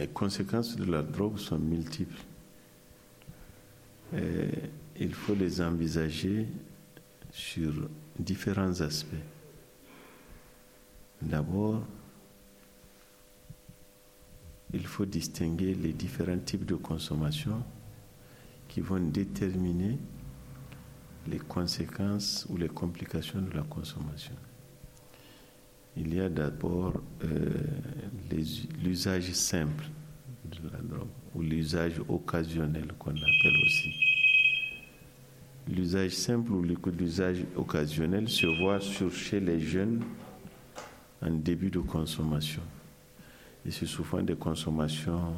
les conséquences de la drogue sont multiples. il faut les envisager sur différents aspects. D'abord, il faut distinguer les différents types de consommation qui vont déterminer les conséquences ou les complications de la consommation. Il y a d'abord euh, l'usage simple de la drogue ou l'usage occasionnel qu'on appelle aussi. L'usage simple ou l'usage occasionnel se voit sur chez les jeunes en début de consommation. Et c'est souvent des consommations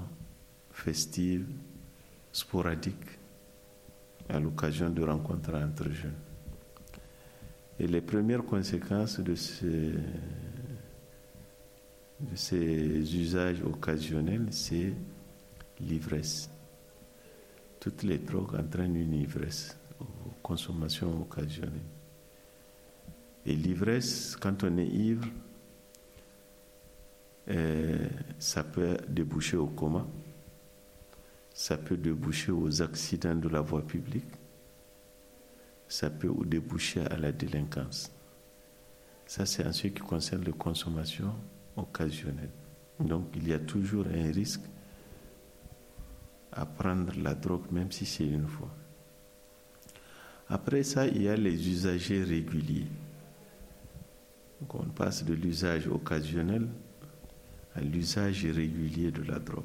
festives, sporadiques, à l'occasion de rencontres entre jeunes. Et les premières conséquences de ces, usages occasionnels, c'est l'ivresse. Toutes les drogues entraînent une ivresse, une consommation occasionnelle. Et l'ivresse, quand on est ivre, euh, ça peut déboucher au coma, ça peut déboucher aux accidents de la voie publique, ça peut déboucher à la délinquance. Ça, c'est en ce qui concerne la consommation occasionnelle. Donc, il y a toujours un risque à prendre la drogue, même si c'est une fois. Après ça, il y a les usagers réguliers. on passe de l'usage occasionnel à l'usage régulier de la drogue.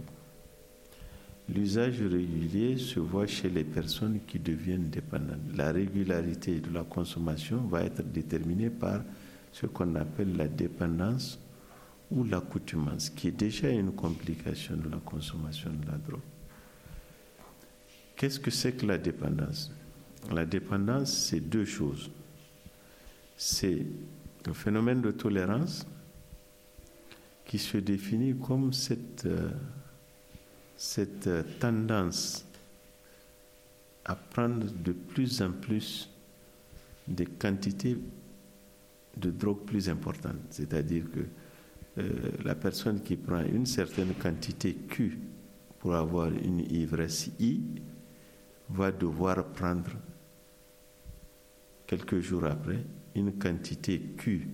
L'usage régulier se voit chez les personnes qui deviennent dépendantes. La régularité de la consommation va être déterminée par ce qu'on appelle la dépendance ou l'accoutumance, qui est déjà une complication de la consommation de la drogue. Qu'est-ce que c'est que la dépendance La dépendance, c'est deux choses. C'est le phénomène de tolérance qui se définit comme cette... Euh, cette euh, tendance à prendre de plus en plus des quantités de drogue plus importantes. C'est-à-dire que euh, la personne qui prend une certaine quantité Q pour avoir une ivresse I va devoir prendre quelques jours après une quantité Q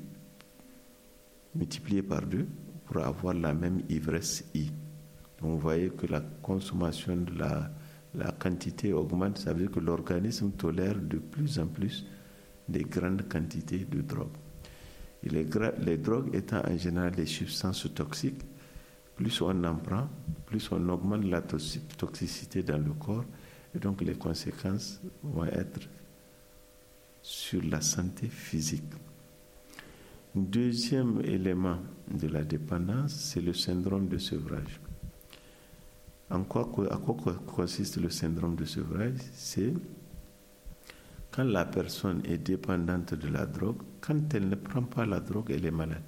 multipliée par deux pour avoir la même ivresse I vous voyez que la consommation la, quantité augmente, ça veut dire que l'organisme tolère de plus en plus des grandes quantités de drogue. les, les drogues étant en général des substances toxiques, plus on en prend, plus on augmente la toxicité dans le corps, et donc les conséquences vont être sur la santé physique. Deuxième élément de la dépendance, c'est le syndrome de sevrage. En quoi, à quoi consiste le syndrome de sevrage C'est quand la personne est dépendante de la drogue, quand elle ne prend pas la drogue, elle est malade.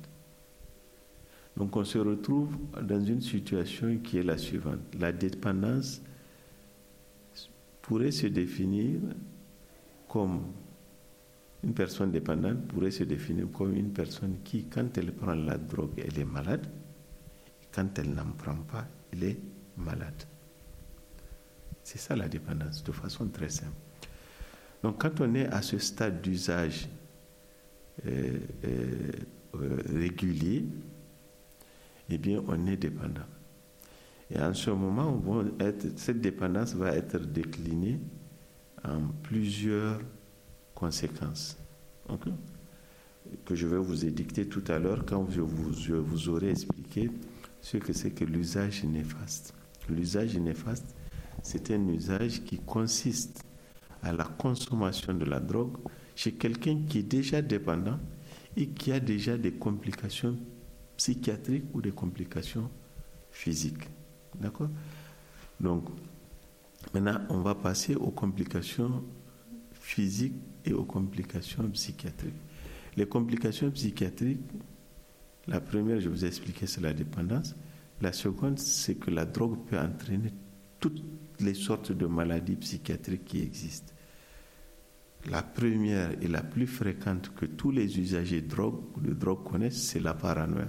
Donc on se retrouve dans une situation qui est la suivante. La dépendance pourrait se définir comme une personne dépendante pourrait se définir comme une personne qui, quand elle prend la drogue, elle est malade. Quand elle n'en prend pas, elle est malade. C'est ça la dépendance, de façon très simple. Donc quand on est à ce stade d'usage euh, euh, euh, régulier, eh bien on est dépendant. Et en ce moment, cette dépendance va être déclinée en plusieurs conséquences. que je vais vous édicter tout à l'heure quand je vous aurai expliqué ce que c'est que l'usage néfaste. L'usage néfaste, c'est un usage qui consiste à la consommation de la drogue chez quelqu'un qui est déjà dépendant et qui a déjà des complications psychiatriques ou des complications physiques. D'accord Donc, maintenant, on va passer aux complications physiques et aux complications psychiatriques. Les complications psychiatriques, la première, je vous ai expliqué, c'est la dépendance. La seconde, c'est que la drogue peut entraîner toutes les sortes de maladies psychiatriques qui existent. La première et la plus fréquente que tous les usagers de drogue, connaissent, c'est la paranoïa.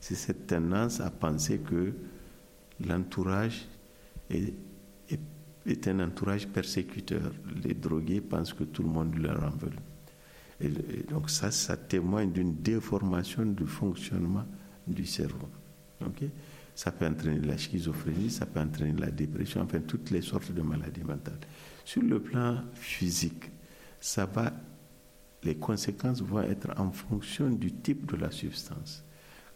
C'est cette tendance à penser que l'entourage est, un entourage persécuteur. Les drogués pensent que tout le monde leur en veut. Et, donc ça, ça témoigne d'une déformation du fonctionnement du cerveau. Ça peut entraîner la schizophrénie, ça peut entraîner la dépression, enfin toutes les sortes de maladies mentales. Sur le plan physique, ça va, les conséquences vont être en fonction du type de la substance.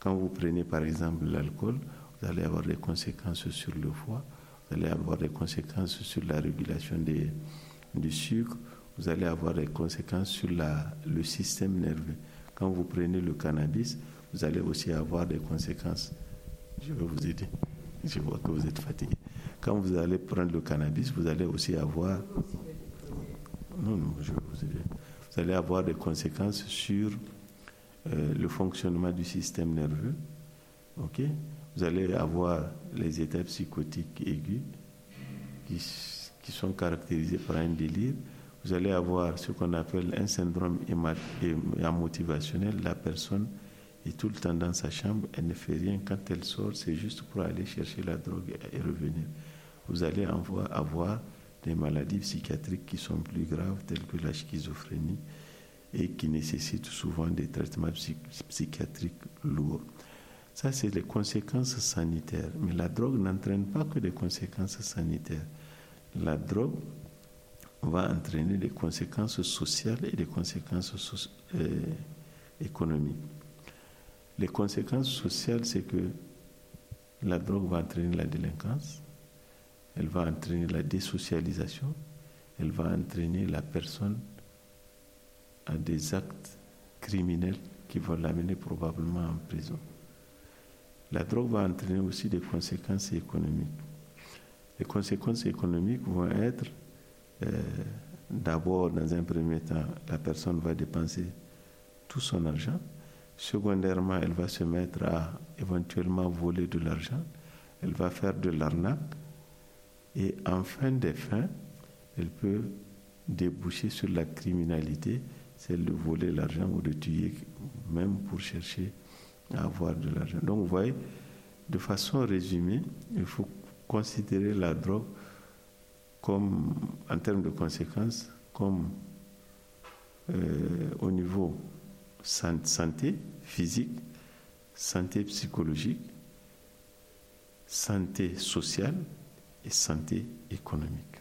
Quand vous prenez par exemple l'alcool, vous allez avoir des conséquences sur le foie, vous allez avoir des conséquences sur la régulation des, du sucre, vous allez avoir des conséquences sur la, le système nerveux. Quand vous prenez le cannabis, vous allez aussi avoir des conséquences je vais vous aider. Je vois que vous êtes fatigué. Quand vous allez prendre le cannabis, vous allez aussi avoir. Non, non, je vais vous aider. Vous allez avoir des conséquences sur euh, le fonctionnement du système nerveux. OK Vous allez avoir les états psychotiques aigus qui, qui sont caractérisés par un délire vous allez avoir ce qu'on appelle un syndrome motivationnel, La personne et tout le temps dans sa chambre, elle ne fait rien. Quand elle sort, c'est juste pour aller chercher la drogue et revenir. Vous allez avoir des maladies psychiatriques qui sont plus graves, telles que la schizophrénie, et qui nécessitent souvent des traitements psychiatriques lourds. Ça, c'est les conséquences sanitaires. Mais la drogue n'entraîne pas que des conséquences sanitaires. La drogue va entraîner des conséquences sociales et des conséquences euh, économiques. Les conséquences sociales, c'est que la drogue va entraîner la délinquance, elle va entraîner la désocialisation, elle va entraîner la personne à des actes criminels qui vont l'amener probablement en prison. La drogue va entraîner aussi des conséquences économiques. Les conséquences économiques vont être euh, d'abord, dans un premier temps, la personne va dépenser tout son argent Secondairement, elle va se mettre à éventuellement voler de l'argent, elle va faire de l'arnaque, et en fin de fins, elle peut déboucher sur la criminalité, celle de voler l'argent ou de tuer, même pour chercher à avoir de l'argent. Donc vous voyez, de façon résumée, il faut considérer la drogue comme, en termes de conséquences, comme euh, au niveau santé physique, santé psychologique, santé sociale et santé économique.